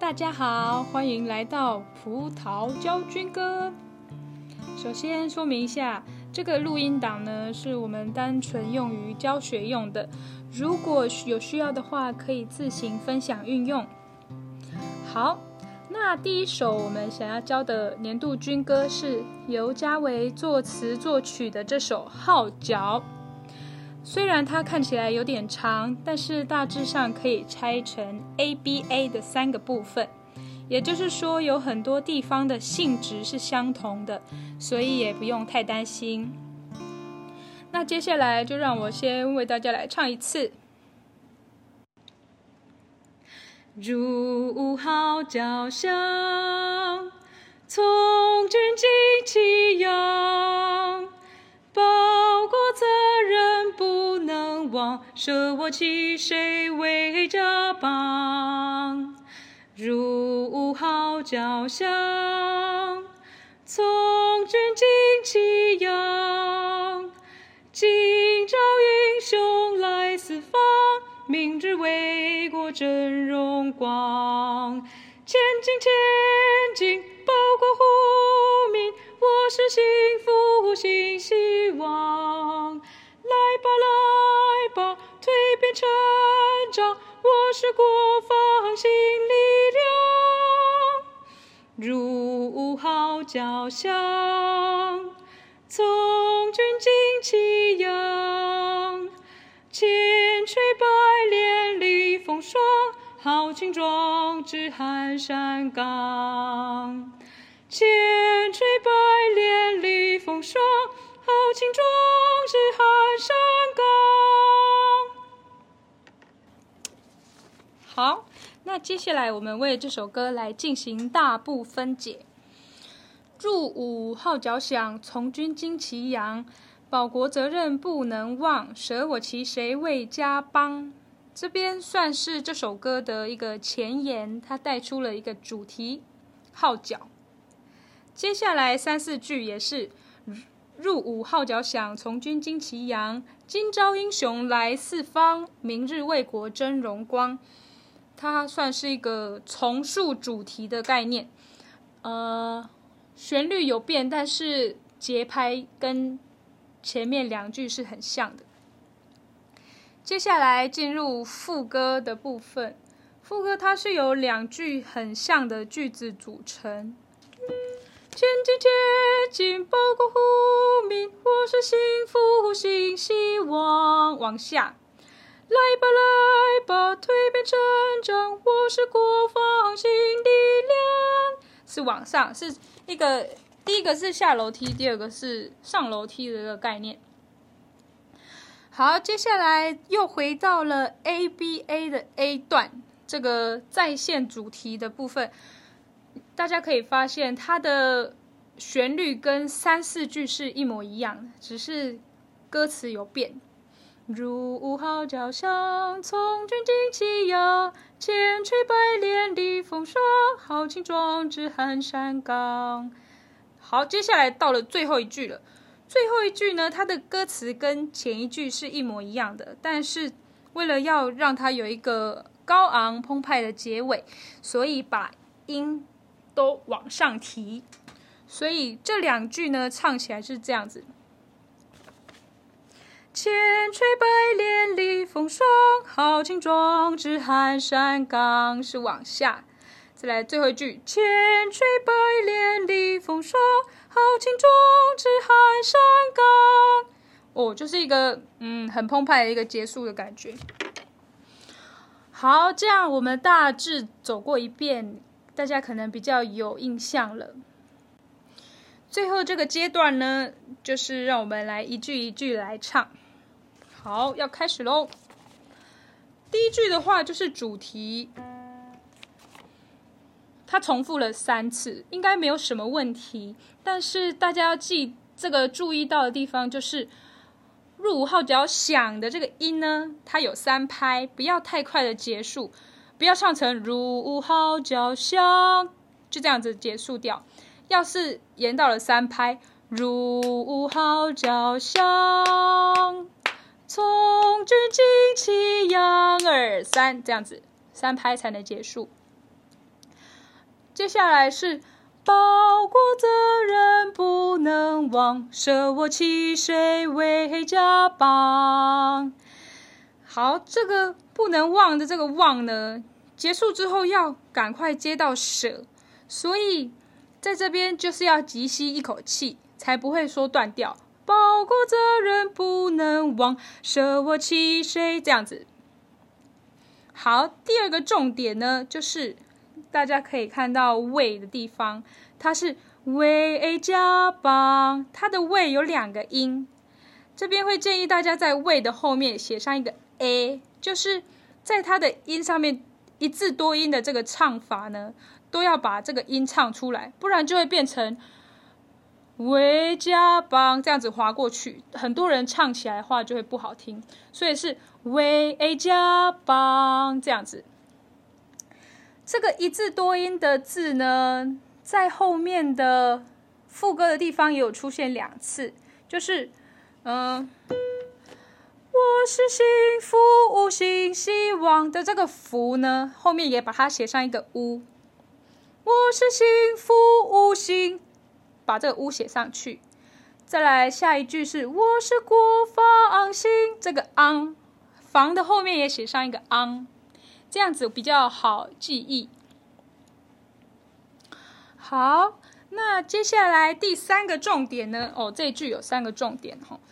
大家好，歡迎來到葡萄教軍歌。首先說明一下，這個錄音檔呢，是我們單純用於教學用的，如果有需要的話，可以自行分享運用。好。那第一首我們想要教的年度軍歌是尤佳維作詞作曲的這首《號角》，雖然它看起來有點長，但是大致上可以拆成 ABA 的三個部分，也就是說有很多地方的性質是相同的，所以也不用太擔心。那接下來就讓我先為大家來唱一次。如無號角響，從軍旌旗揚，報國責任不能忘，捨我其誰為家邦。如無號角響，從。爭榮光，前進前進，報國護民，我是幸福新希望。來吧來吧，蛻變成長，我是國防新力量。如聞號角響，從軍旌旗。豪情壯志撼山崗，千錘百煉歷風霜。豪情壯志撼山崗。好，那接下來我們為這首歌來進行大部分解。入伍號角響，從軍旌旗揚，保國責任不能忘，捨我其誰為家邦。這邊算是這首歌的一個前言，它帶出了一個主題號角。接下來三四句也是“嗯、入伍號角響，從軍旌旗揚，今朝英雄來四方，明日為國爭榮光。”它算是一個重述主題的概念。呃，旋律有變，但是節拍跟前面兩句是很像的。接下來進入副歌的部分。副歌它是由兩句很像的句子組成。前進，前進，保國護民，我是幸福新希望往下來吧，來吧，蛻變成長，我是國防新力量。是往上，是那個第一個是下樓梯，第二個是上樓梯的一個概念。好，接下來又回到了 ABA 的 A 段，這個再現主題的部分，大家可以發現它的旋律跟三四句是一模一樣，只是歌詞有變。如號角響，從軍旌旗揚，千錘百鍊的風霜，豪情壯志撼山崗。好，接下來到了最後一句了。最後一句呢，它的歌詞跟前一句是一模一樣的，但是為了要讓它有一個高昂澎湃的結尾，所以把音都往上提。所以這兩句呢，唱起來是這樣子：千錘百煉立風霜，豪情壯志撼山崗是往下。再來最後一句：千錘百煉立風霜。豪情壯志，海山高，哦、oh，就是一個嗯，很澎湃的一個結束的感覺。好，這樣我們大致走過一遍，大家可能比較有印象了。最後這個階段呢，就是讓我們來一句一句來唱。好，要開始嘍。第一句的話，就是主題。它重複了三次，應該沒有什麼問題。但是大家要記這個注意到的地方，就是入伍號角響的這個音呢，它有三拍，不要太快的結束，不要唱成入伍號角響就這樣子結束掉。要是延到了三拍，入伍號角響，從軍旌旗揚二三，這樣子三拍才能結束。接下來是，保國責任不能忘，捨我其誰為家邦。好，這個不能忘的這個忘呢，結束之後要趕快接到捨，所以在這邊就是要急吸一口氣，才不會說斷掉。保國責任不能忘，捨我其誰這樣子。好，第二個重點呢，就是。大家可以看到“為”的地方，它是“為 a 加邦”，它的“為”有兩個音。這邊會建議大家在“為”的後面寫上一個 “a”，就是在它的音上面，一字多音的這個唱法呢，都要把這個音唱出來，不然就會變成“為加邦”這樣子滑過去，很多人唱起來的話就會不好聽。所以是“為 a 加邦”這樣子。這個一字多音的字呢，在後面的副歌的地方也有出現兩次，就是，嗯，我是幸福無心希望的這個福呢，後面也把它寫上一個屋、呃。我是幸福無心，把這個屋、呃、寫上去。再來下一句是我是國防心，這個昂，防的後面也寫上一個昂。這樣子比較好記憶。好，那接下來第三個重點呢？哦，這句有三個重點哈、嗯。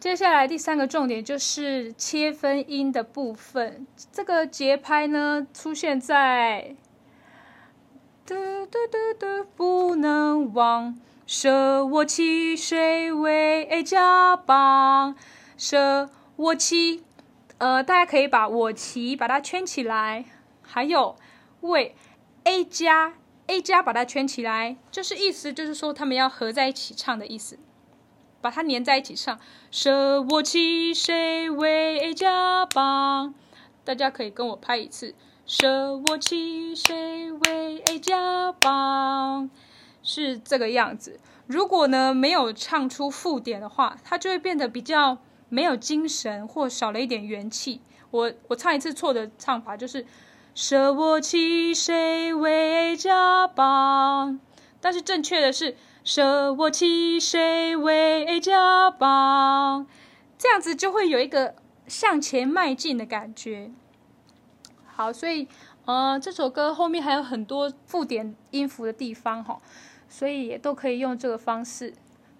接下來第三個重點就是切分音的部分，這個節拍呢出現在。嘟嘟嘟嘟，不能忘。捨我其誰為 A 加 B，捨我其。呃，大家可以把我其把它圈起來，還有為 A 加 A 加把它圈起來，就是意思就是說他們要合在一起唱的意思，把它粘在一起唱。捨我其誰為家邦？大家可以跟我拍一次，捨我其誰為家邦？是這個樣子。如果呢沒有唱出附點的話，它就會變得比較，沒有精神或少了一點元氣，我我唱一次錯的唱法就是“捨我其誰為家邦”，但是正確的是“捨我其誰為家邦”，這樣子就會有一個向前邁進的感覺。好，所以呃這首歌後面還有很多附點音符的地方哈，哦，所以也都可以用這個方式，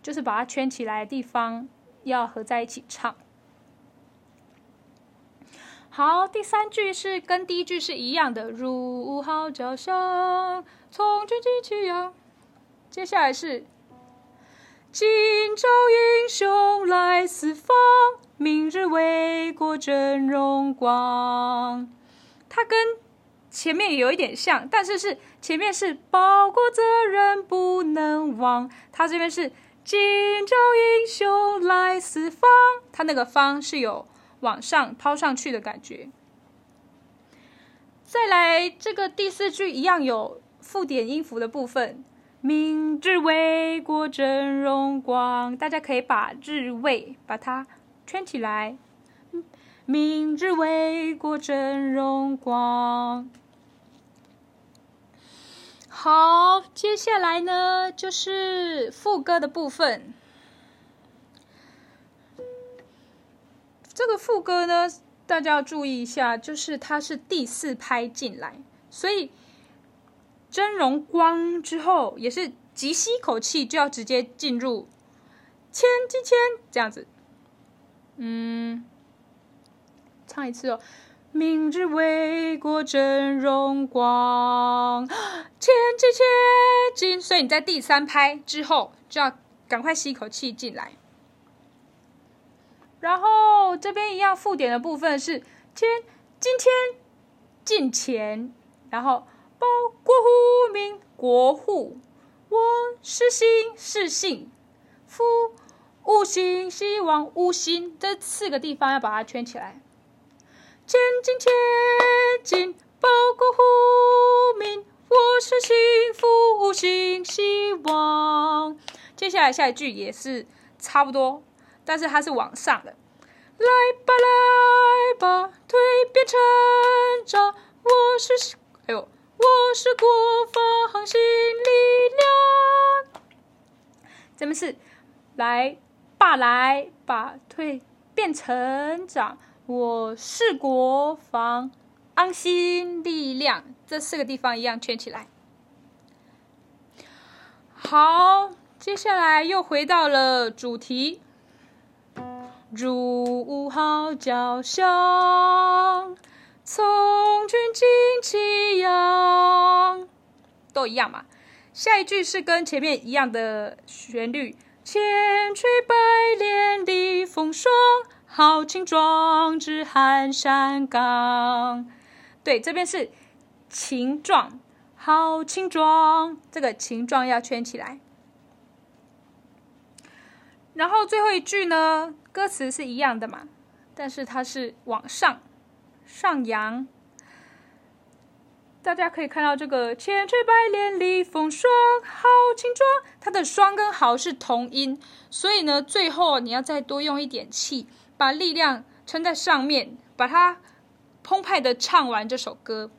就是把它圈起來的地方。要合在一起唱。好，第三句是跟第一句是一樣的，入伍號角響，從軍旗起揚。接下來是，今朝英雄來四方，明日為國爭榮光。它跟前面有一點像，但是是前面是報國責任不能忘，它這邊是。今朝英雄來四方，它那個方是有往上拋上去的感覺。再來這個第四句一樣有附點音符的部分，明知為國爭榮光，大家可以把“知為”把它圈起來。明知為國爭榮光。好，接下來呢，就是副歌的部分。這個副歌，呢，大家要注意一下，就是它是第四拍進來，所以爭榮光之後，也是急吸口氣就要直接進入千金千這樣子。嗯，唱一次哦，明日為國爭榮光。前進前進，所以你在第三拍之後就要趕快吸一口氣進來，然後這邊一樣附點的部分是前進前進、前，然後保國護民，國護，我是信是姓，夫無心希望無心，這四個地方要把它圈起來。前進前進，保國護民。我是幸福，新希望。接下來下一句也是差不多，但是它是往上的。來吧，來吧，蛻變成長。我是，哎呦，我是國防新力量。咱們是，來吧，來吧，蛻變成長。我是國防安心力量。這四個地方一樣圈起來。好，接下來又回到了主題。《如軍號角響，從軍旌旗揚》，都一樣嘛。下一句是跟前面一樣的旋律：千錘百煉歷風霜，豪情壯志撼山崗。對，這邊是。情壯，豪情壯，這個情壯要圈起來。然後最後一句呢，歌詞是一樣的嘛，但是它是往上上揚。大家可以看到這個千錘百鍊歷風霜，豪情壯。它的“霜”跟“豪”是同音，所以呢，最後你要再多用一點氣，把力量撐在上面，把它澎湃的唱完這首歌。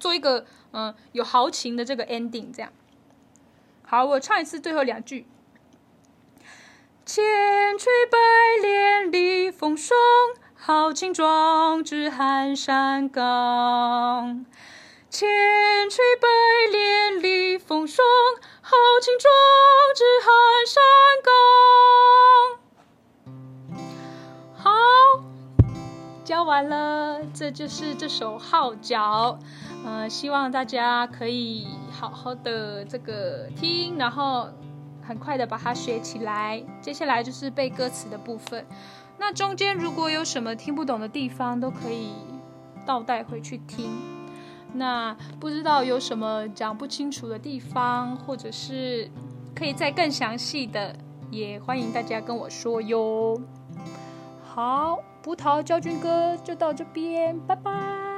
做一個嗯有豪情的這個 ending，這樣。好，我唱一次最後兩句。千錘百煉歷風霜，豪情壯志撼山崗。千錘百煉歷風霜，豪情壯志撼山崗。完了，這就是這首號角，嗯、呃，希望大家可以好好的這個聽，然後很快的把它學起來。接下來就是背歌詞的部分，那中間如果有什麼聽不懂的地方，都可以倒帶回去聽。那不知道有什麼講不清楚的地方，或者是可以再更詳細的，也歡迎大家跟我說喲。好。葡萄教軍歌就到這邊，拜拜。